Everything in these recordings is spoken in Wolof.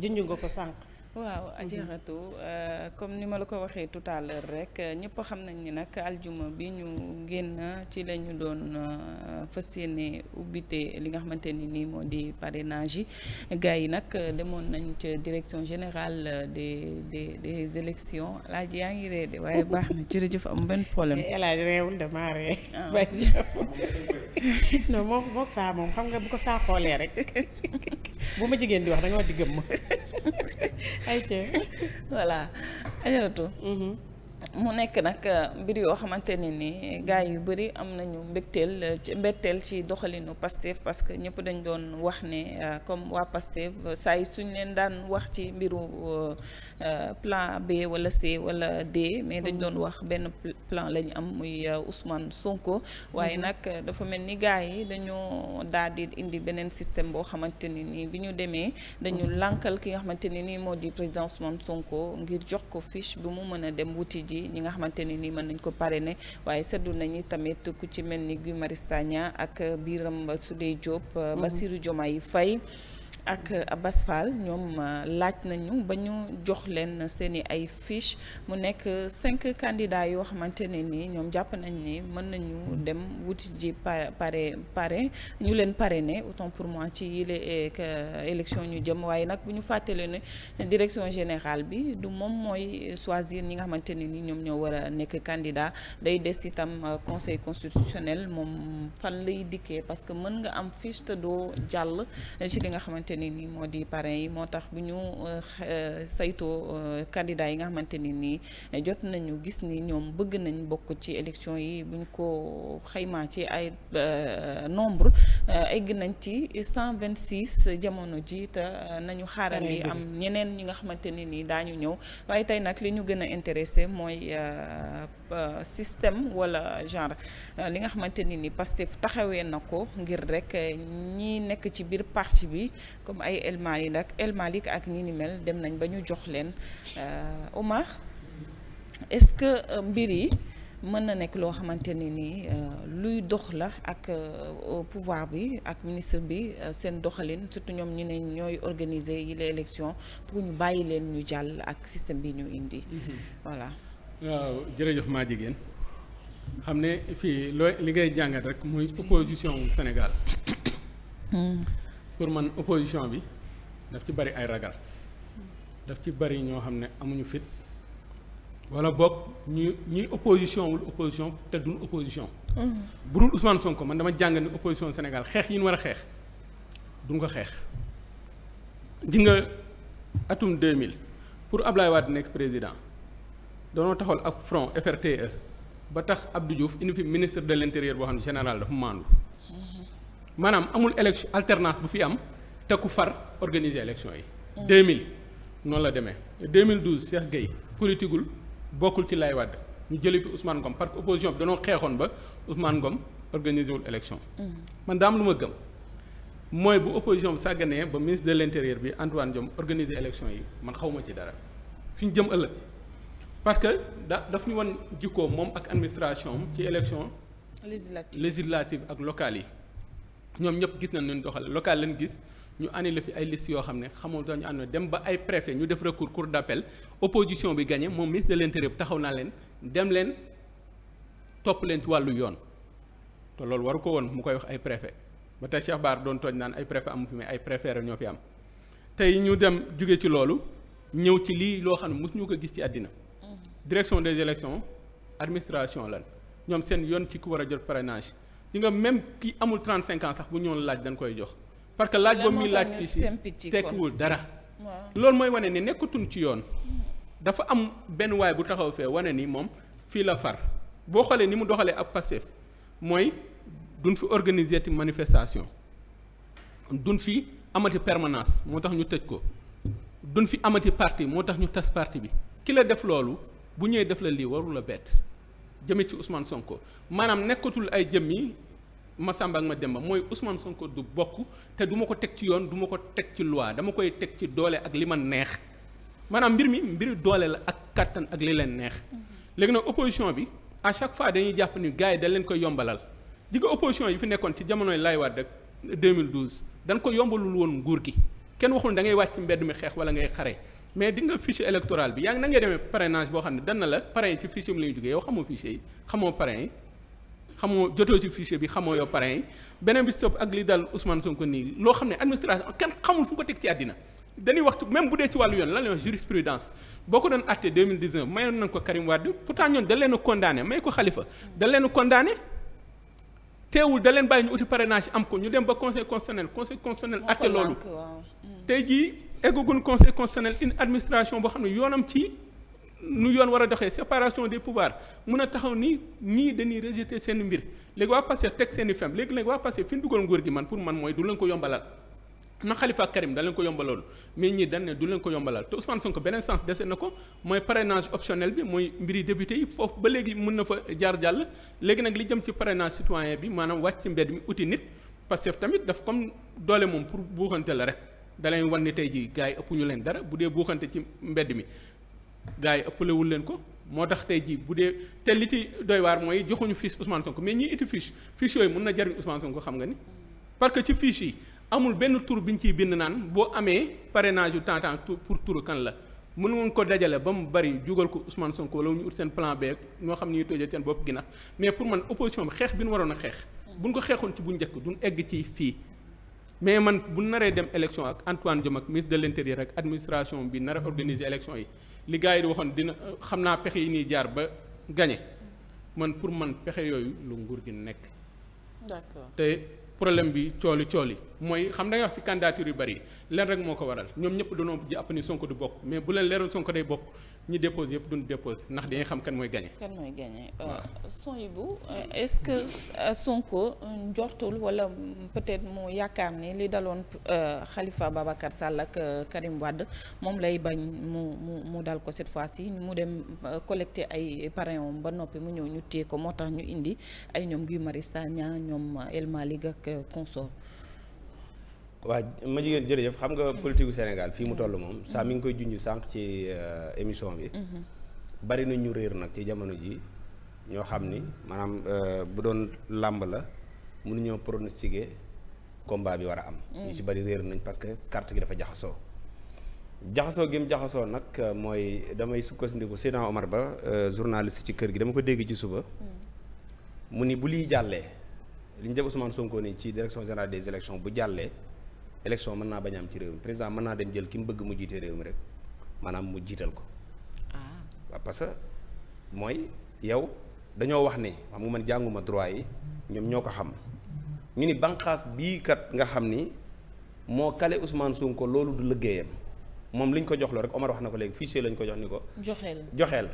junj nga ko sànq. waaw mhm. ajaratu euh, comme ni ma la ko waxee tout rek ñëpp xam nañ ni nag aljuma bi ñu génn ci la ñu doon euh, fas yéene ubbite li nga xamante ni nii moo di parrainage yi gars yi nag euh, demoon nañ ca direction générale de de des élections laaj yaa ngi ree de waaye baax na jërëjëf am benn problème. Eh, El Hadj réewul damaa ree ah. non moom moom saa moom xam nga bu ko saa xoolee rek. bu ma jigéen di wax da nga wax di gëm ma ay voilà ajaratu mm-hmm. mu nekk nag euh, mbir yoo xamante ne ni gars yu bëri am nañu mbégteel euh, ci mbégteel ci doxalinu Pastef parce que ñëpp dañ doon wax ne euh, comme waa Pastef saa yi suñ leen daan wax ci mbiru plan B wala C wala D mais dañ doon wax benn plan la am muy Ousmane Sonko waaye mhm. nag dafa mel ni gars yi dañoo daal di indi beneen système boo xamante ne ni bi ñu demee dañu mhm. lankal ki nga xamante ne ni moo di président Ousmane Sonko ngir jox ko fiche bi mu mën a dem wuti ji ci ñi nga xamante ne nii mën nañ ko parrainer waaye seddu nañu tamit ku ci mel ni Guy Marius Sagna ak Birame Souleye Diop mhm. Bassirou Diomaye fay ak Abbas Fall ñoom euh, laaj nañu ba ñu jox leen seen i ay fiche mu nekk cinq candidats yoo xamante ne nii ñoom jàpp nañ ni mën nañu dem wuti ji pare pare pare ñu leen pare ne auton pour moi ci yile euh, euh, élection ñu jëm waaye nag bu ñu fàttale ne direction général bi du moom mooy choisir ñi nga xamante ne ni ñoom ñoo war a nekk candidat day des itam conseil constitutionnel moom fan lay dikkee parce que mën nga am fiche te doo jàll ci li nga xamante xamante nii moo di parrain yi moo tax bu ñu euh, saytoo euh, candidat yi nga xamante ni nii jot nañu gis ni ñoom bëgg nañ bokk ci élection yi buñ ko xaymaa ci ay euh, nombre egg nañ ci cent vingt six jamono ji te nañu yi am ñeneen ñi nga xamante ni nii daañu ñëw waaye tey nag li ñu gën a intéressé mooy système wala genre li nga xamante ni nii Pastef taxawee na ko ngir rek ñi nekk ci biir parti bi comme ay El yi ak El Malick ak ñi ni mel dem nañ ba ñu jox leen euh, Omar est-ce que euh, mbir yi mën na nekk loo xamante ni nii euh, luy dox la ak pouvoir bi ak ministre bi seen doxalin surtout ñoom ñu ne ñooy organiser yi les élections pour ñu bàyyi leen ñu jàll ak système bi ñu indi. Mhm. voilà. waaw jërëjëf maa jigéen xam ne fii looy li ngay jàngat rek muy opposition Sénégal. Hmm. pour man opposition bi daf ci bari ay ragal daf ci bari ñoo xam ne amuñu fit wala boog ñu ñuy opposition wul opposition te du opposition. Mm-hmm. bu dul Ousmane Sonko man dama jàng ni opposition Sénégal xeex yi nu war a xeex du nga xeex. ji nga atum 2000 pour Ablaye Wade nekk président doonoo taxawal ak front FRTE ba tax Abdou Diouf indi fi ministre de l' intérieur boo xam ne général dafa maandu. maanaam amul élection alternance bu fi am te ku far organiser élection yi. 2000 noonu la demee 2012 Cheikh Gueye politigul bokkul ci lay wadd ñu jëlee fi Ousmane Ngom parce que opposition bi danoo xeexoon ba Ousmane Ngom organiser wul élection. Mm. man am lu ma gëm mooy bu opposition bi sàgganee ba ministre de l' intérieur bi Antoine Diome organiser élection yi man xawma ci dara fi ñu jëm ëllëg parce que da daf ñu wan jikkoo moom ak administration ci élection. législative législative ak locale yi. ñoom ñëpp gis nañ leen doxale local lañ gis ñu annulé fi ay liste yoo xam ne xamul dañu ànd dem ba ay préfet ñu def recours cour d'appel opposition bi gagné moom ministre de l'intérieur taxaw naa leen dem leen topp leen ci wàllu yoon te loolu waru ko woon mu koy wax ay préfet ba tey Cheikh Baar doon tooñ naan ay préfet amu fi mais ay préfet ñoo fi am tey ñu dem jóge ci loolu ñëw ci lii loo xam ne mosuñu ko gis ci àddina mm-hmm. direction des élections administration lan ñoom seen yoon ci ku war a jot parrainage di nga même ki amul 35 ans sax bu ñoon laaj danga koy jox parce que laaj boobu muy laaj fii si tekkiwul dara loolu mooy wane ni nekkatuñ ci yoon dafa am benn waay bu taxaw fee wane ni moom fii la far boo xoolee ni mu doxalee ab Pastef mooy duñ fi organiser manifestation duñ fi amati permanence moo tax ñu tëj ko dun fi amati parti moo tax ñu tas parti bi ki la def loolu bu ñëwee def la lii waru la bett jëmee ci Ousmane Sonko maanaam nekkatul ay jëm yi ma Samba ak ma Demba mooy usman Sonko du bokk te duma ko teg ci yoon duma ko teg ci loi dama koy teg ci doole ak li ma neex maanaam mbir mi mbiru doole la ak kàttan ak li leen neex. léegi nag opposition bi à chaque fois dañuy jàpp ni gars yi dañ leen koy yombalal di nga opposition yi fi nekkoon ci jamonoy Laye Wade ak 2012 dañ ko yombalul woon nguur gi kenn waxul da ngay wàcc mbedd mi xeex wala ngay xare. mais di nga fiche électorale bi yaa ngi na ngay demee parrainage boo xam ne dan na la parrain yi ci fiche bi la ñu jógee yow xamoo fiche yi xamoo parrain yi xamoo jotoo ci fiche bi xamoo yow parrain yi beneen bi si topp ak li dal Ousmane Sonko nii loo xam ne administration kenn xamul fu mu ko teg ci àddina dañuy wax ci même bu dee ci wàllu yoon lan la wax jurisprudence boo ko doon àttee 2019 mayoon nañ ko Karim Wade pourtant ñoom dañ leen a condamné may ko Khalifa dañ leen a condamné teewul da leen bàyyi ñu uti parrainage am ko ñu dem ba conseil constitutionnel conseil constitutionnel àtte loolu mm. tey jii eggagun conseil constitutionnel une administration boo xam ne yoonam ci nu yoon war a doxee séparation des pouvoirs mun a taxaw ni ñii dañuy rejeter seen mbir léegi waa passé teg seen i fem léegi nag waa passé fi ñu dugal nguur gi man pour man mooy du leen ko yombalal na Khalifa Karim da ko yombaloon mais ñii dañ ne du leen ko yombalal te Ousmane Sonko beneen sens dese na ko mooy parrainage optionnel bi mooy mbiri député yi foofu ba léegi mën na fa jaar jàll léegi nag li jëm ci parrainage citoyen bi maanaam wàcc ci mbedd mi uti parce que tamit daf comme doole moom pour buuxante la rek dalay wan ni tey jii gars yi ëpp ñu leen dara bu dee buuxante ci mbedd mi gars ëpp ëppalewul leen ko moo tax tey jii bu dee te li ci doy waar mooy joxuñu fiche Ousmane Sonko mais ñi iti fiche fiche yooyu mën na jariñ Ousmane Sonko xam nga ni parce que ci fiche yi amul benn tour bi ñu ciy bind naan boo amee parrainage yu temps temps pour tour kan la mën nga ko dajale ba mu bari jugal ko son Sonko wala ñu ut seen plan B ñoo xam ni tojee seen bopp ginnaaw mais pour man opposition bi xeex bi nu waroon a xeex. buñ ko xeexoon ci bu njëkk duñ egg ci fii. mais man bu naree dem élection ak Antoine Diome ak ministre de l'intérieur ak administration bi nar a organiser élection yi li gars yi di waxoon dina xam naa pexe yi nii jaar ba gagné man pour man pexe yooyu lu nguur gi nekk. d'accord te problème bi cooli cooli. mooy xam da ngay wax ci candidature yu bëri leen rek moo ko waral ñoom ñëpp danoo jàpp ni Sonko du bokk mais bu leen leeroon Sonko day bokk ñi dépose yëpp duñ dépose ndax dañuy xam kan mooy gagné. kan mooy gagné son yi bu est-ce que euh, Sonko euh, njortul wala peut-être mu yaakaar ni li daloon xalifa euh, Babacar Sall ak Karim Wade moom lay bañ mu mu mu dal ko cette fois-ci mu dem collecter ay parrain ba noppi mu ñëw ñu téye ko moo tax ñu indi ay ñoom Guy Marius Sagna ñoom El Malick ak consort waa ma jigéen jërëjëf xam nga politique gu Sénégal fii mu toll moom saa mi ngi koy junj sànq ci euh, émission bi. Mm-hmm. bari na ñu réer nag ci jamono ji ñoo xam ni maanaam euh, bu doon làmb la mënuñoo pronostiquer combat bi war a am. Mm. ñu ci bari réer nañ parce que carte gi dafa jaxasoo. jaxasoo gi jaxasoo nag euh, mooy damay sukkandiku Seydina Omar Ba journaliste ci kër gi dama ko dégg ci suba. Mm. mu ni bu liy jàllee li ñu def Ousmane Sonko ni ci direction générale des élections bu jàllee. élection mën naa bañ am ci réew mi président mën naa dem jël ki mu bëgg mu jiite réew mi rek maanaam mu jiital ko. Ah. waaw parce que mooy yow dañoo wax ni xam nga man jànguma droit yi ñoom ñoo ko xam ñu ni banqaas bii kat nga xam ni moo kale Ousmane Sonko loolu du liggéeyam moom li ko jox la rek Omar wax na ko léegi fichier lañ ko jox ni ko. joxeel joxeel.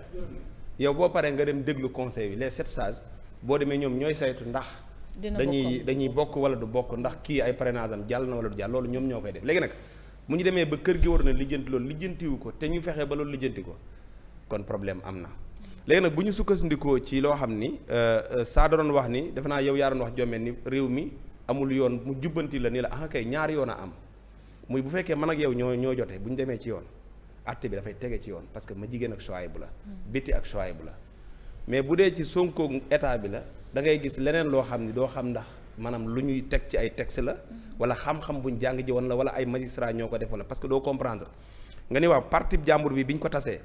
yow boo paree nga dem déglu conseil bi les sept sages boo demee ñoom ñooy saytu ndax. dañuy dañuy bokk wala du bokk ndax kii ay parrainage am jàll na wala du jàll loolu ñoom ñoo koy def léegi nag mu ñu demee ba kër gi war na lijjanti loolu lijjantiwu ko te ñu fexe ba loolu lijjanti ko kon problème am na léegi nag bu ñu sukkandikoo ci loo xam ni euh, euh, saa doon wax ni defe naa yow yaa doon wax jommeen ni réew mi amul yoon mu jubbanti la ni la ah kay ñaari yoon a am muy bu fekkee man ak yow ñoo ñoo jotee bu ñu demee ci yoon atte bi dafay tege ci yoon parce que ma jigéen ak Souhaïbou la. Mm. Biti ak Souhaïbou la mais bu dee ci Sonko état bi la. da ngay gis leneen loo xam ni doo xam ndax maanaam lu ñuy teg ci ay texte la wala xam-xam buñ jàng ji woon la wala ay magistrat ñoo ko def parce que doo comprendre nga ni waaw parti jàmbur bi ñu ko tasee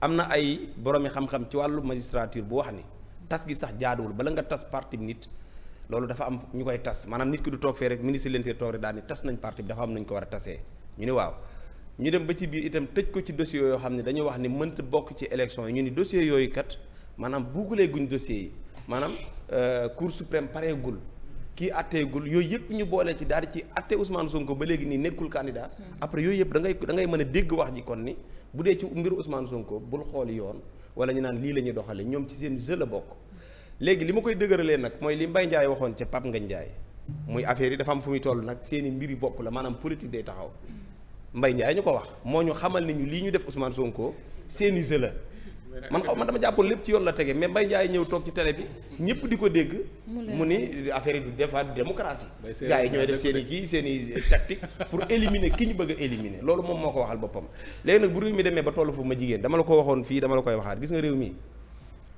am na ay boroomi xam-xam ci wàllu magistrature bu wax ni tas gi sax jaaduwul bala nga tas parti bi nit loolu dafa am ñu koy tas maanaam nit ki du toog fee rek ministre leen fee toog rek daal ni tas nañ parti bi dafa am nañ ko war a tasee ñu ni waaw ñu dem ba ci biir itam tëj ko ci dossiers yoo xam ne dañuy wax ni mënta bokk ci élection yi ñu ni dossiers yooyu kat maanaam buugalee guñ maanaam euh, cour suprême pareegul kii atteegul yooyu yëpp ñu boole ci daal di ci atte Ousmane Sonko ba léegi nii nekkul candidat hmm. après yooyu yëpp dangay ngay ngay mën a dégg wax ji kon ni bu dee ci mbiru Ousmane Sonko bul xool yoon wala ñu naan lii la ñuy doxale ñoom ci seen jeu bokk léegi li ma koy dëgëralee nag mooy li mbay Ndiaye waxoon ca Pape Ngagne Ndiaye muy affaire yi dafa am fu muy toll nag seeni mbiri bopp la maanaam politique day taxaw hmm. Mbaye Ndiaye ñu ko wax moo ñu xamal ni lii ñu def Ousmane Sonko seen i man xaw oh, man dama jàppoon lépp ci yoon la tege mais Mbaye Ndiaye ñëw toog ci télé bi ñëpp di ko dégg mu ni affaire yi du defaat démocratie gars yi ñooy def seen i kii seen i pour éliminer ki ñu bëgg a éliminer loolu moom moo ko waxal boppam léegi nag bu réew mi demee ba toll fu ma jigéen dama la ko waxoon fii dama la koy waxaat gis nga réew mi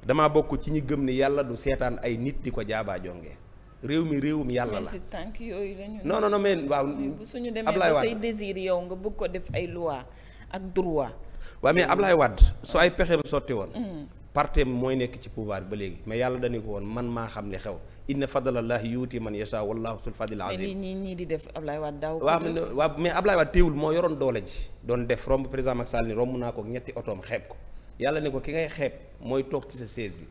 damaa bokk ci ñi gëm ni yàlla du seetaan ay nit di ko jaabaa jongee réew mi réewum yàlla la tànk yooyu la ñu non non non mais waaw bu suñu demee ba say désir yow nga bëgg ko def ay loi ak droit waaye mais Ablaye Wade su ay pexeem sotti woon. Mm. parteem mooy nekk ci pouvoir ba léegi mais yàlla dañu ko woon man maa xam ne xew inna fadlallahi yuuti man yasha wallahu sul fadil azim mais ñii di def Ablaye Wade daaw waaw waaw mais Ablaye Wade téewul moo yoroon doole ji doon def romb président Macky Sall ni romb naa ko ñetti otoom xeeb ko yàlla ne ko ki ngay xeeb mooy toog ci sa siège bi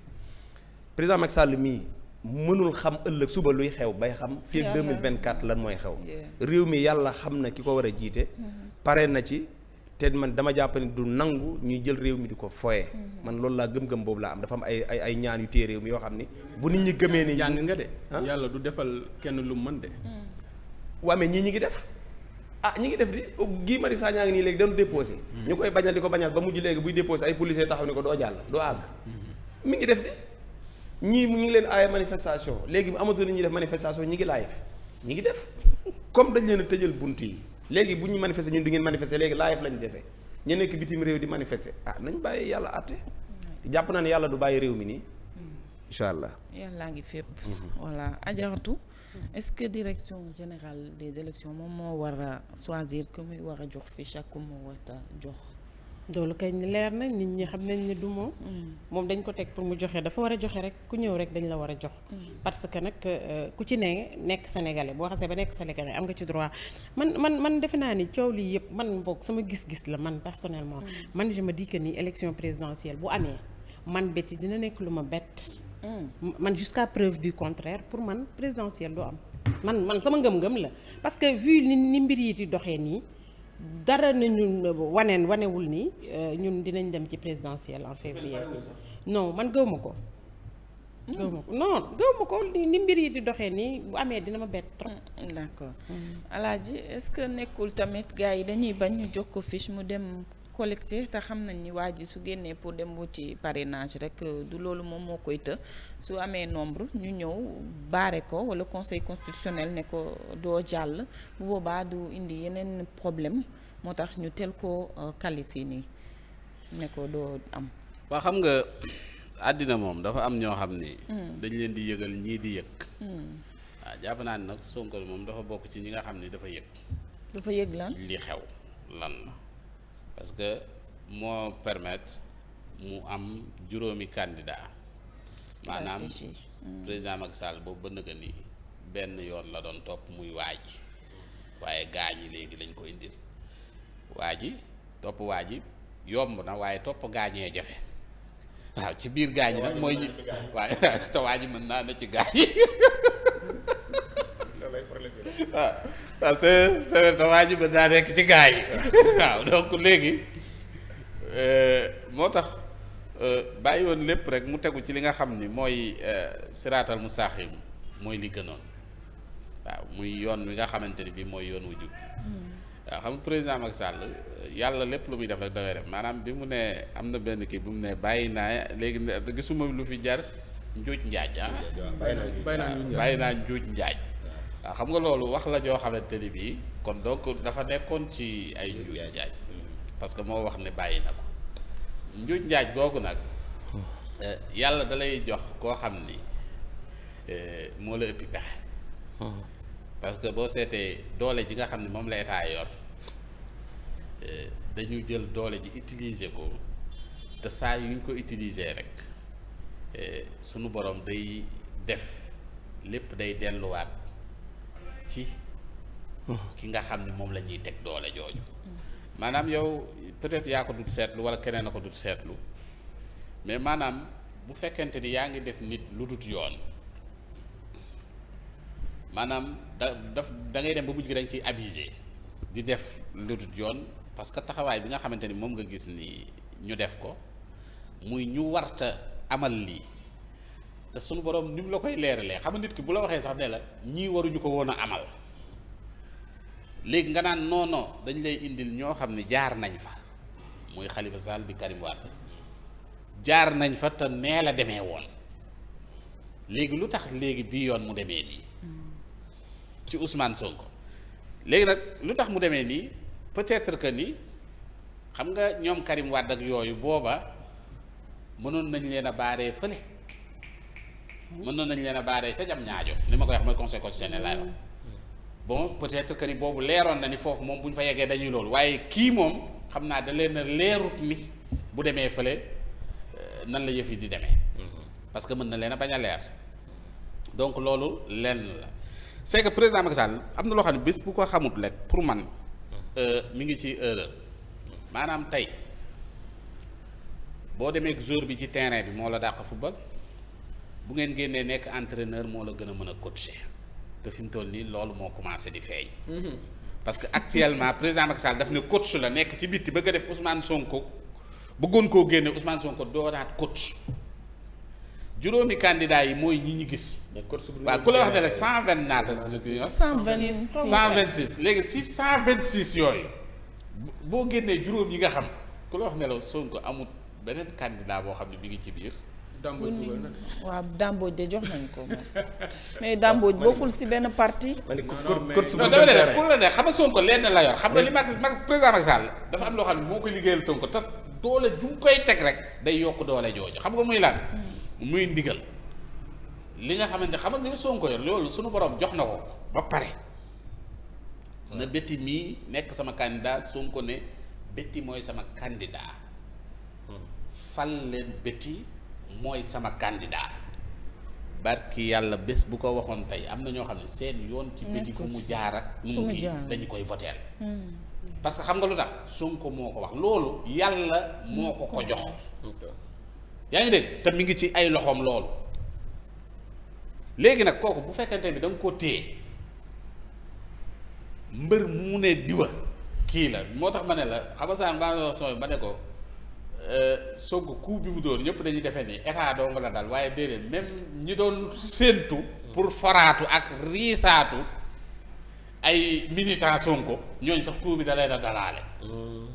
président Macky Sall mii mënul xam ëllëg suba luy xew bay xam fii ak 2024 lan mooy xew réew mi yàlla xam na ki ko war a jiite mm-hmm. pare na ci te man dama jàpp du nangu ñuy jël réew mi di ko foye mm-hmm. man loolu laa gëm-gëm boobu laa am dafa am ay ay ay ñaan yu téye réew mi yoo xam ni bu nit ñi gëmee ni jàng nga de ah? yàlla du defal kenn lu mën de mm. waa ñii ñi ngi def ah ñi ngi def di Guy Marius Sagna ngi nii léegi dañu déposé mm-hmm. ñu koy bañal di ko bañal ba mujj léegi buy déposé ay policiers taxaw ni ko doo jàll doo àgg mm-hmm. mi ngi def di ñii mu ngi leen aaye manifestation léegi mu amatu nit ñuy def manifestation ñi ngi live ñi ngi def comme dañ leen a tëjal bunt yi léegi bu ñu manifester ñun du ngeen manifester léegi laayef lañ dese ñu nekk bitim réew di manifester ah nañ bàyyi yàlla àtte jàpp naa ne yàlla du bàyyi réew mi nii mm. incha allah yàllaa ngi fépp mm-hmm. voilà ajaratu mm-hmm. est-ce que direction générale des élections moom moo war a choisir que muy war jox fiche chaque ku mu war a jox loolu kay leer na nit ñi xam nañ ne du moom. Mm. moom dañ ko teg pour mu joxe dafa war a joxe rek ku ñëw rek dañ la war a jox. Mm. parce que nag euh, ku ci ne nekk sénégalais boo xasee ba nekk sénégalais am nga ci droit man man man defe naa ni coow lii yëpp man boog sama gis-gis la man personnellement. Mm. man je me dis que ni élection bu amee man bétti dina nekk lu ma bett. man jusqu'à preuve du contraire pour man présidentielle du am man man sama ngëm-ngëm la parce que vu ni mbir yi di doxee nii. dara nañu waneen wanewul nii euh, ñun dinañ dem ci présidentielle en février non man gëwma ko gëwma ko non gëwma ko ni mbir yi di doxee nii bu amee dina ma bett trop mm, d'accord mm. Alaaji est que nekkul tamit gars yi dañuy bañ ñu jox ko fiche mu dem collecte te xam nañ ni waa ji su génnee pour dem wuti parrainage rek euh, du loolu moom moo koy të su amee nombre ñu ñëw baare ko wala conseil constitutionnel ne ko doo jàll bu boobaa du indi yeneen problème moo tax ñu teel koo euh, qualifié nii ne ko doo am. waa xam nga àddina moom dafa am ñoo xam ni. Hmm. dañ leen di yëgal ñii di yëg. Hmm. waaw jàpp naa ne nag Sonko moom dafa bokk ci ñi nga xam ni dafa yëg. dafa yëg lan li xew lan la. parce que moo permettre mu am juróomi candidat maanaam hmm. président Macky Sall boobu ba nëga ni benn yoon la doon topp muy waa ji waaye gaa ñi léegi lañ ko indil waa ji topp waa ji yomb na waaye topp gaañee jafe waaw ci biir gaañ nag mooy ñi waaye te waa ji mën naa na ci gaañ waaw ah, parce waa ji mën naa ci gaa yi waaw donc léegi euh, moo tax euh, bàyyi woon lépp rek mu tegu ci li nga xam ni mooy euh, siraatal mustaqim mooy li gënoon waaw muy yoon wi nga xamante ni bii mooy yoon wu jub hmm. waaw xam président Macky sàll yàlla lépp lu muy def rek maanaam bi mu ne am na benn kii bi mu ne bàyyi naa léegi gisuma lu fi jar njuuj njaaj ah bàyyi naa njuuj njaaj waa xam nga loolu wax la joo xamante ni bii kon donc dafa nekkoon ci ay njuuya njaaj parce que moo wax ne bàyyi na ko njuuj njaaj googu nag eh, yàlla dalay jox koo xam ni eh, moo la parce que boo seetee doole ji nga xam ne moom la état yor eh, dañu jël doole ji utiliser ko te saa yu ñu ko utiliser rek sunu borom day def lépp day delluwaat ci ki nga xam ne moom la ñuy teg doole jooju maanaam yow peut-être yaa ko dut seetlu wala keneen a ko dut seetlu mais maanaam bu fekkente ni yaa ngi def nit lu dut yoon maanaam da daf da ngay dem ba mujj gi dañ ciy abusé di def lu dut yoon parce que taxawaay bi nga xamante ni moom nga gis ni ñu def ko muy ñu warta amal lii te sunu borom ni mu la koy leeralee xam nga nit ki bu la waxee sax ne ñii waruñu ko woon a amal léegi nga naan noonoo dañ lay indil ñoo xam ne jaar nañ fa muy Khalifa saal bi Karim Wade jaar nañ fa te nee la demee woon léegi lu tax léegi bii yoon mu demee nii ci Ousmane Sonko léegi nag lu tax mu demee nii peut-être que ni xam nga ñoom Karim Wade ak yooyu booba mënoon nañ leen a baaree fële. mënoon nañ leen a baaree ca jam ñaajo li ma ko wax mooy conseil constitutionnel laay bon peut-être que ni boobu leeroon na ni foofu moom bu ñu fa yeggee dañuy loolu waaye kii moom xam naa da leen a leerut mi bu demee fële euh, nan la yëf yi di demee parce que mën na leen a bañ a leer donc loolu lenn la c'est que président Macky Sall am na loo xam ne bés bu ko xamut rek pour man euh, mi ngi ci erreur maanaam tey boo demee ak joueur bi ci terrain bi moo la dàq football bu ngeen génnee nekk entreneur moo la gën a mën a coacher te fi mu toll nii loolu moo commencé di feeñ. Mhm. parce que actuellement président Macky Sall daf ne coach la nekk ci bitti bëgg a def Ousmane Sonko bëggoon koo génne Ousmane Sonko doonaat coach juróomi candidat yi mooy ñi ñu gis. waaw ku la wax ne la cent vingt naata. cent vingt six léegi si cent vingt six yooyu boo génnee juróom yi nga xam ku la wax ne sonk Sonko amut beneen candidat boo xam ne mi ngi ci biir. waaw Damboj de jox nañ ko moom mais Damboj bokkul si benn parti. ma ne ko pour la ne xam nga Sonko lenn la yor xam nga li Macky président Macky Sall dafa am loo xam ne moo koy liggéeyal Sonko te doole ju mu koy teg rek day yokk doole jooju xam nga muy laan hmm. muy ndigal li nga xamante xam nga Sonko yor loolu suñu borom jox na ko ba pare. Hmm. na Betty mii nekk sama candidat Sonko ne Betty mooy sama candidat. Hmm. fal leen Betty. mooy sama candidat barki yàlla bés bu ko waxoon tey am na ñoo xam ne seen yoon ci biti fu mu jaar ak mu ngi dañu koy voteel hmm. parce que xam nga lu tax ko moo ko wax loolu yàlla moo ko ko jox yaa ngi dégg te mi ngi ci ay loxoom loolu léegi nag kooku bu fekkente bi da nga ko téye mbër mu ne diwa kii la moo tax ma ne la xam nga saa ma ne ko Euh, Sonko coup bi mu dóor ñëpp dañuy defee nii état doo nga la dal waaye déedéet même ñi doon séentu pour faraatu ak riisaatu ay militant Sonko ñooñ sax coup bi da leen dalaale hmm.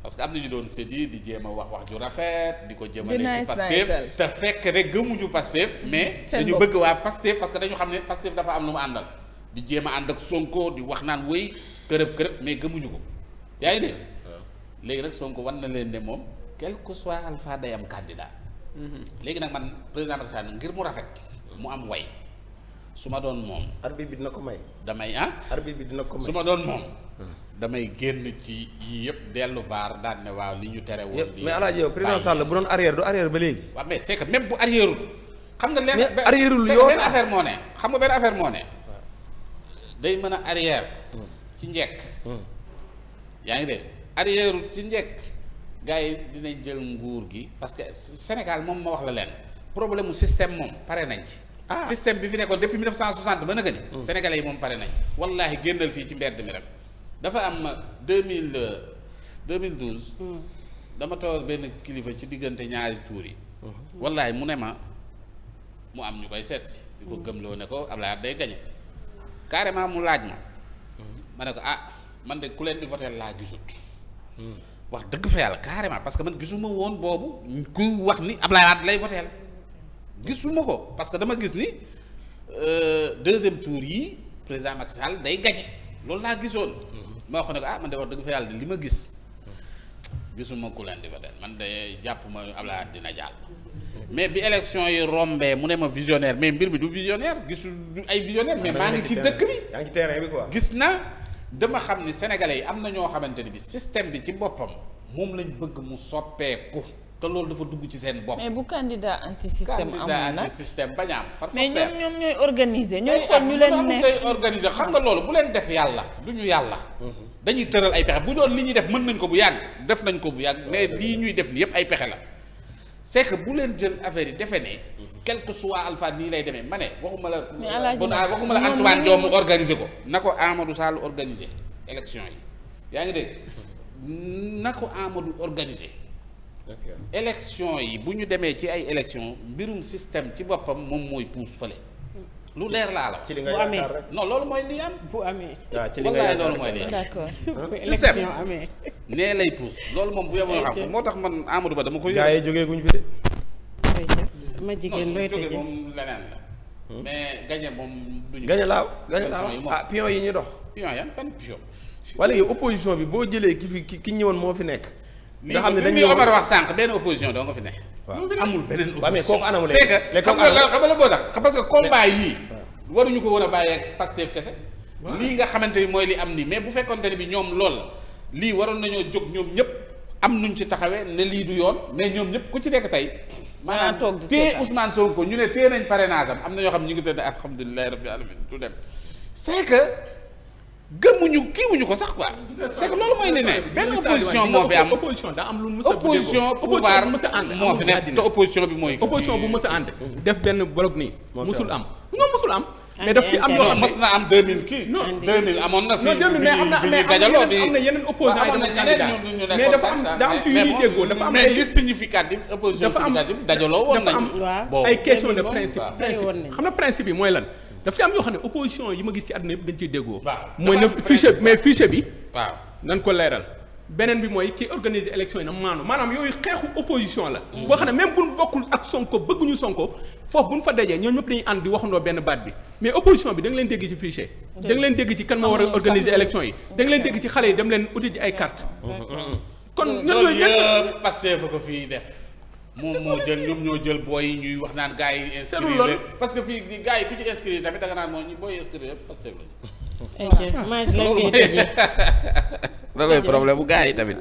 parce que am na ñu doon séddi di jéem a wax wax ju rafet di ko jëmale ci Pastef te fekk rek gëmuñu Pastef hmm. mais dañu bëgg waa Pastef parce que dañu xam ne Pastef dafa am nu mu àndal di jéem a ànd ak Sonko di wax naan wéy kërëb kërëb mais gëmuñu ko yaa ngi hmm. léegi rek Sonko war na leen ne moom quel que soit Alpha day am candidat. Mhm. léegi nag man président Macky ngir mu rafet mu am way su ma doon moom. arbitre bi dina ko may. damay ah. arbitre bi dina ko su ma doon moom. Hmm. damay génn ci yii yëpp dellu vaar daan ne waaw li ñu tere woon. lii mais alaaji yow président Sall bu doon arrière du arrière ba léegi. waaw mais c'est que bu arrière xam nga leen mais arrière affaire moo xam nga benn affaire mën a arrière. Hmm. ci hmm. yaa ngi dégg arrière ci njekk gars yi dinañ jël nguur gi parce que Sénégal moom ma wax la leen problème mu système moom pare nañ ci. ah système bi fi nekkoon depuis 1960 ba naka ni. Mm. Sénégalais yi moom pare nañ ci. wallaahi génnal fii ci mbedd mi rek dafa am 2000 euh, 2012. Euh, mm. dama toog benn kilifa ci diggante ñaari tuur yi. Mm. wallaahi mu ne ma mu am ñu koy seet si. di ko gëmloo ne ko Ablaye day gañe carrément mu laaj ma. ma ne ko ah man de ku leen di voté laa gisut. wax dëgg fa yàlla carrément parce que man gisuma woon boobu ku wax ni Ablaye Wade lay voteel gisuma ko parce que dama gis ni euh, deuxième tour yi président Macky Sall day gañe loolu laa gisoon. Mhm. ma wax ne ko ah man de wax dëgg fa yàlla li ma gis gisuma ku leen man de jàpp ma Ablaye Wade dina jàll. mais bi élection yi rombee mu ne ma visionnaire mais mbir mi du visionnaire gisul du ay visionnaire mais ah, maa ngi ci dëkk bi yaa ngi ci gis na. dama xam ni sénégalais yi am na ñoo xamante ni bi système bi ci boppam moom lañ bëgg mu soppeeku te loolu dafa dugg ci seen bopp. mais bu candidat anti système amul nag anti système a am. far mais ñoom ñoom ñooy organiser. ñooy xool ñu leen neex organiser xam nga loolu bu leen def yàlla du yàlla. Mhm. dañuy tëral ay pexe bu doon li ñuy def mën nañ ko bu yàgg def nañ ko bu yàgg mais lii ñuy def nii yëpp ay pexe la c'est bu leen jël affaire yi defe ne. Mhm. quel que soit Alpha nii lay demee ma ne waxuma la. mais la ah, waxuma la Antoine Diome mu ko. na ko Amadou Sall organiser élection yi yaa ngi dégg na ko Amadou organiser. élection yi bu ñu demee ci ay élection mbirum système ci boppam moom mooy puus fële. lu leer laa la. ci li nga yaakaar rek non loolu mooy li am. bu amee waaw ah, ci li nga yaakaar loolu mooy li am. nee lay puus. loolu moom bu yemoo xam moo tax man Amadou Ba dama koy. gaa yi jógee guñ fi de. ma jigéen looy tëjee moom leneen la. Hmm? mais gagné moom duñu. gagné laaw gagné laaw ah pion yi ñu dox. pion yan ban pion. wala yow opposition bi boo jëlee ki fi ki ñëwoon moo fi nekk. nga xam ne dañ ñëw Omar wax sànq benn opposition doo nga fi nekk. waaw amul beneen que xam nga lan xam nga la boo tax parce que combat yii. waruñu ko woon a bàyyi ak Pastef kese. lii nga xamante ni mooy li am nii mais bu fekkonte ne bi ñoom lool la lii waroon nañoo jóg ñoom ñëpp am nuñ ci taxawee ne lii du yoon mais ñoom ñëpp ku ci nekk tey maanaam toog di tee Ousmane Sonko ñu ne tee nañ parrainage am am na ñoo xam ñu ngi tëdd alhamdulilahi rabbil alamin du dem c'est que gëmuñu kiiwuñu ko sax quoi c'est que loolu mooy li ne benn opposition moo fi am opposition daa am lu mu opposition pouvoir moo opposition bi mooy opposition bu mës a ànd def benn bloc nii musul am ñoo musul am mais daf am yoo am fi. non 2000 mais am na mais am na yeneen dafa am daa am yu ñuy déggoo dafa am mais li significatif dafa am ay question de principe. xam na principe yi mooy lan. dafa ci am yoo xam ne opposition yi ma gis ci àdduna yëpp dañ ciy déggoo. waaw mooy na fichier mais fichier bi. waaw nan ko leeral. beneen bi mooy ci organiser élection yi na maanu maanaam yooyu xeexu opposition la. boo xam ne même buñ bokkul ak Sonko bëgguñu Sonko foofu buñ fa dajee ñooñu ñëpp dañuy ànd di waxandoo benn baat bi mais opposition bi leen dégg ci leen dégg ci kan moo war a organiser élection yi. da leen dégg ci xale yi dem leen ko fii def. moom moo ñoom ñoo jël booy yi ñuy wax naan gars yi. inscrire parce que fii gars yi ku ci inscrire tamit danga naan mooy booy yi inscrire yëpp ayca maa ngi lan ngay tëjee. loolu mooy problème bu gars yi tamit.